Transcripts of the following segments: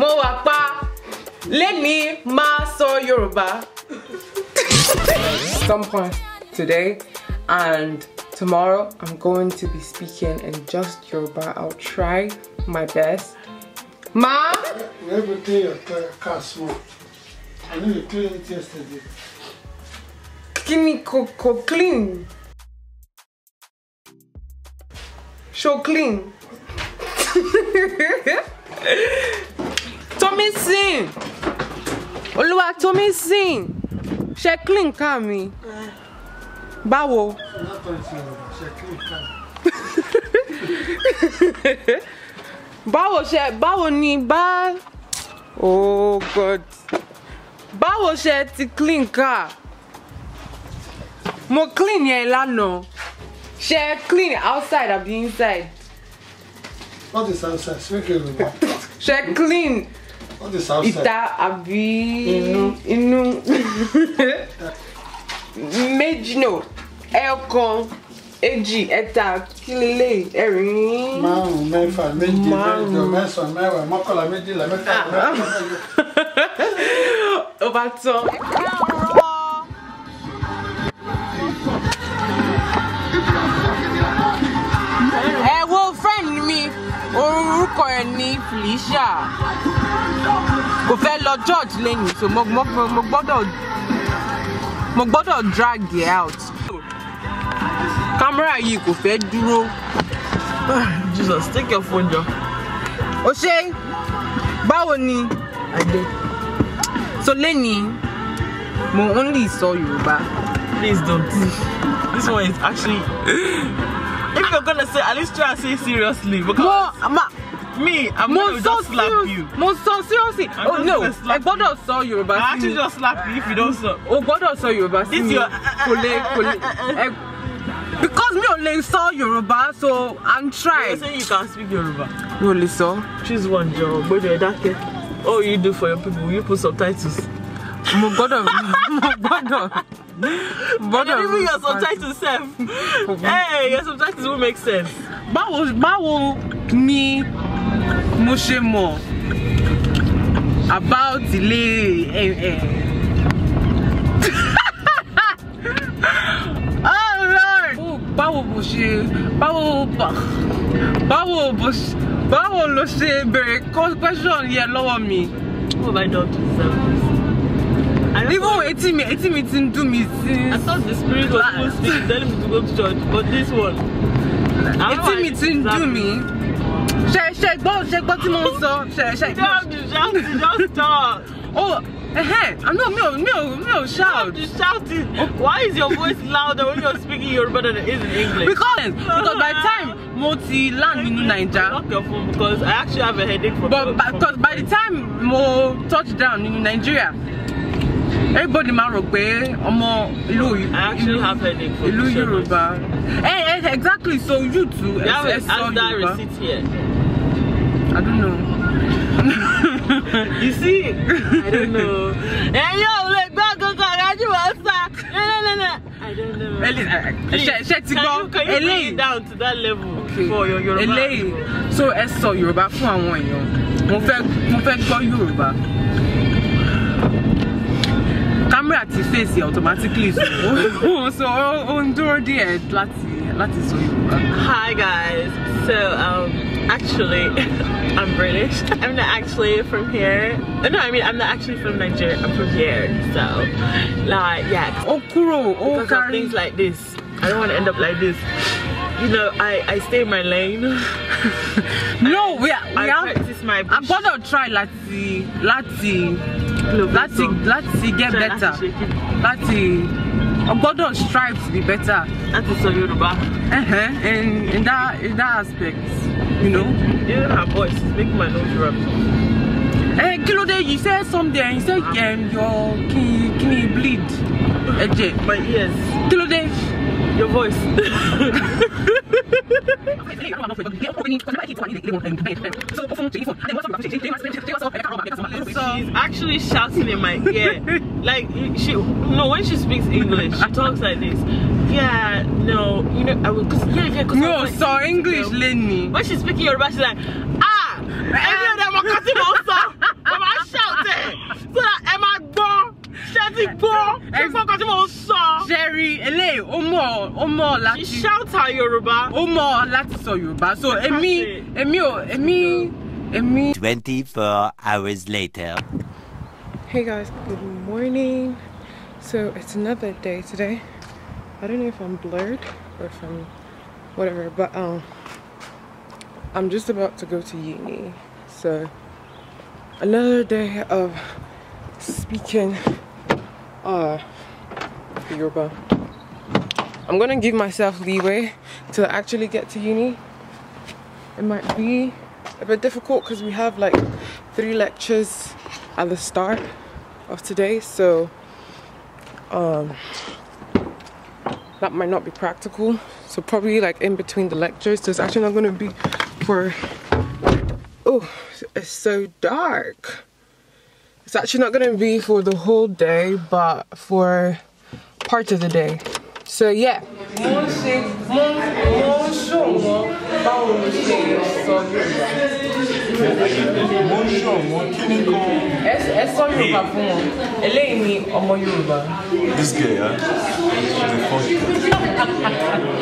mo wà pa lẹ́ni ma sọ Yorùbá. Some point today and tomorrow I'm going to be speaking in just Yoruba. I'll try my best. Ma? Every day your car smoke. I need to clean it yesterday. Kini koko clean. Show clean. Tommy Tómísìn olúwa Tómísìn she clean ká mi báwo. báwo ṣe báwo ni bá oh god báwo she ti clean ká mo clean yẹn lánàá She clean outside àbí inside. what is outside? She clean ìta àbí inú méjì no ẹ̀ẹ̀kan èjì ẹ̀ta kílélẹ̀ ẹ̀rin. márùn so méje mẹ́jọ mẹ́sàn mẹ́wàá mọ́kànlá méjìlá mẹ́tàlá mẹ́fà. ó bá tán. orúkọ ẹ ní Felicia kò fẹ́ lọ George lẹ́yìn so mo gbọ́dọ̀ mo gbọ́dọ̀ drag ẹ out kámẹ́rà yìí kò fẹ́ dúró. Jesus take your phone jọ. o ṣe báwo ni àjẹ so lẹ́nìí mo only sọ Yorùbá. Please don't this one is actually if you're gonna say at least try and say seriously because. mo Me, I'm Mon gonna just slap you. Mo so seriously. oh no, I gbọ́dọ̀ sọ saw you. I actually just slap you if you don't sọ. O gbọ́dọ̀ sọ Yorùbá sí mi. your colleague, colleague, Because me only saw so I'm trying. You say you can speak Yorùbá. Mi ò lè Choose one jọ, gbọ́dọ̀ ẹ dákẹ́. Oh, you do for your people, you put subtitles. Mo gbọ́dọ̀ mo gbọ́dọ̀. Brother, even your subtitles self. hey, your subtitles will make sense. Báwo báwo me. mo ṣe mọ̀ about ilé ẹ̀ ẹ̀. oh lord báwo bó ṣe báwo báwo bó ṣe báwo ló ṣe béèrè question yẹn lọ́wọ́ mi. who have I even etí mi etí mi ti ń dùn mí since. I thought the spirit was supposed to be telling me to go to church but this one. etí mi ti ń dùn mí ṣe ṣe gbọ́ ṣe gbọ́ tí mo ń sọ ṣe ṣe gbọ́. don't shout just talk. oh Eh, uh, no, mi no mi ò, mi shout. it. Why is your voice louder when you're speaking Yoruba than it is in English? Because, because by the time mo land in Naija. Lock your phone because I actually have a headache from. But because by the time mo touch down in Nigeria, everybody máa rò pé ọmọ ìlú I actually have headache from. Yoruba. Eh, eh, exactly. So you too. You have a, a receipt here. I don't know. you see? I don't know. Hey eh, yo, let go go go. Raju Wasa. No no no. I don't know. Elin, eh, eh, ṣe ti gbọ́. Can you bring it down to that level okay. for your Yoruba? Eléyìí, so so, sọ Yorùbá fún àwọn èèyàn. Mo fẹ́ mo fẹ́ gbọ́ Yorùbá. Camera ti face automatically so so ó ń dúró let's láti láti sọ Hi guys, so um. actually I'm British. I'm not actually from here. Oh, no, I mean I'm not actually from Nigeria. I'm from here. So like yeah. Oh kuro, oh because of things like this. I don't want to end up like this. You know, I, I stay in my lane. no, we are, we I are, practice my I'm gonna try Lati Lati Lati Lati get try better. Lati I'm gonna strive to be better. That is so Yoruba. Uh-huh. In in that in that aspect. You know? Even her voice is making my nose rub. Hey, eh, Kilode, you said something. You said yeah, um, your kidney kidney bleed. Eje. My ears. Kilode. Your voice. She's actually shouting in my ear. Like she no when she speaks English, she talks like this yeah, no, you know, I will, cause, yeah, yeah, cause No, like, so English, you know, Lenny. When she's speaking Yoruba, she's like, ah, ẹni eh. ọ̀dà I kọ́ sí also, I'm shouting. ṣàwùtẹ̀, so I ẹ máa gbọ́, ṣé ti gbọ́, ṣé gbọ́ kọ́ Jerry, ele, Omo, Omo, ó mọ̀ láti. She shout her Yoruba. Ó mọ̀ láti sọ Yoruba, so èmi, èmi èmi, èmi. Twenty four hours later. Hey guys, good morning. So it's another day today. I don't know if I'm blurred or if I'm whatever, but um, I'm just about to go to uni. So another day of speaking uh, Yoruba. I'm gonna give myself leeway to actually get to uni. It might be a bit difficult because we have like three lectures at the start of today, so um, that might not be practical so probably like in between the lectures there's actually not going to be for oh it's so dark it's actually not going to be for the whole day but for parts of the day so yeah this guy huh?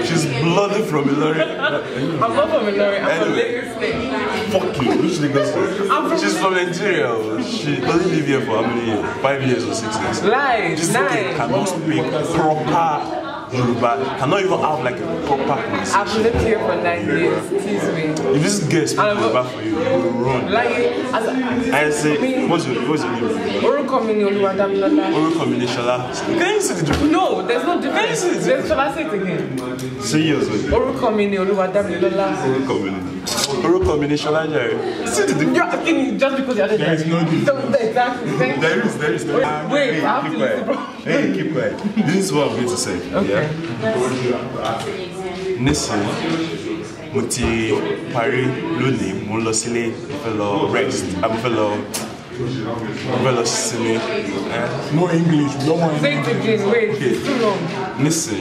She's bloody from Ilori. I'm not from Ilori. I'm anyway, from Lagos Fuck you. Which Lagos State? She's from Nigeria. She doesn't live here for how many years? Five years or six years. Lies. This nice. cannot speak proper Yoruba cannot even have like a proper conversation. I've lived here for nine years. Excuse me. If this girl speaks Yoruba for you, you will run. Like, as a, I say, mean, what's your what's your name? Orúkọ mi ni Olúwadámilọ́lá. Orúkọ mi Can you say the difference? No, there's no difference. Can you see the difference? Shall I say it again? Say yours. Orúkọ mi ni Olúwadámilọ́lá. Orúkọ Oral combination surgery. You're asking just because you're There is no difference. Exactly. There is, there is Wait, hey, I keep quiet. Hey, keep quiet. This is what I'm going to say. Okay. Yeah. Nisin, mo ti parí lónìí, mo lọ sílé, mo fẹ́ lọ rest, mo fẹ́ lọ eh? No English, no don't want English. Wait, wait, okay. too long. Nisin,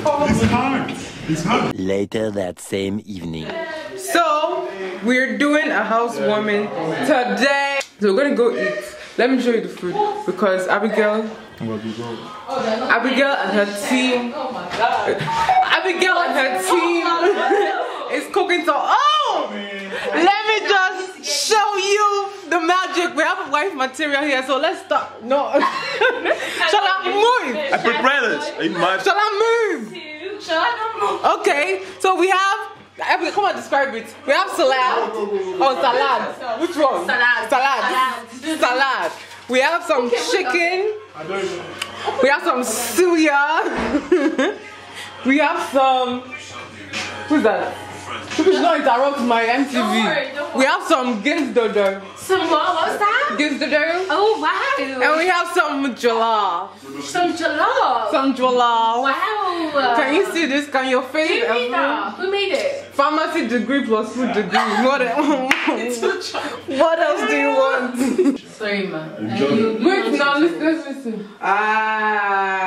It's hard. It's hard. Later that same evening. So, we're doing a housewarming today. So we're gonna go eat. Let me show you the food because Abigail Abigail and her team Abigail and her team is cooking so oh wife material here, so let's start. No. Shall I move? I prepared it. Shall I move? Shall I not move? Okay, so we have Every, come on, describe it. We have salad. Oh, oh salad. Which one? Salad. Salad. Salad. salad. We have some okay, chicken. I don't know. We have some suya. we have some. Who's that? friends. People should not interrupt my MTV. Don't worry, don't worry. We have some Gins Some what? What's that? Gins Oh, wow. And we have some Jala. Some Jala. Some Jala. Wow. Can you see this? Can your face? Who made that? Who made it? Pharmacy degree plus food degree. What, what else do you want? Sorry, man. Wait, now listen, listen. Ah.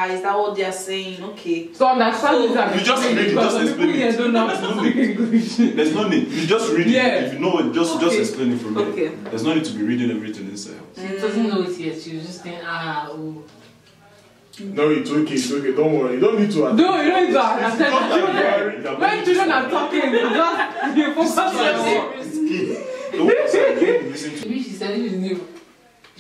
you're saying, okay. so understand so, this, you just read it, just explain it. Here don't know how to speak English. There's no need. You just read yeah. it. If you know it, just okay. just explain it from there. Okay. There's no need to be reading everything inside. She doesn't know it yet. She just saying, ah, oh. No, it's okay, it's okay. Don't worry. You don't need to. Attend. No, you don't need to. Attend. When children are talking, you just you focus on your. Maybe she's telling you new.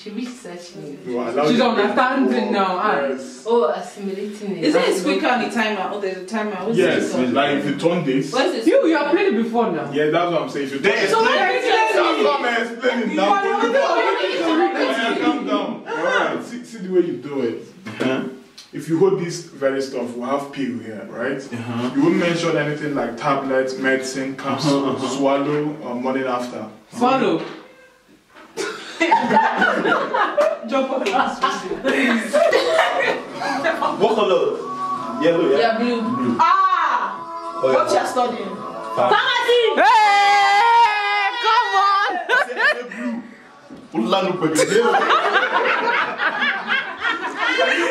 She researched it. No, She's understanding oh, now. Oh, assimilating it. Isn't it quicker on the timer? Oh, there's a timer. What's yes, it like if you turn this. What's it? You, you have played it before now. Yeah, that's what I'm saying. So me explain so it. So explaining now. Calm down. All right, see, see the way you do it. Uh-huh. if you hold this very stuff, we have pill here, right? Uh -huh. You won't mention anything like tablets, medicine, capsule, uh-huh, uh-huh. uh -huh. swallow, or morning after. Swallow? Jump on What color? Yellow, yeah? Yeah, blue. blue. Ah! Oh, yeah. What you are studying? Pharmacy! Hey! Come on! blue. Ulan upe.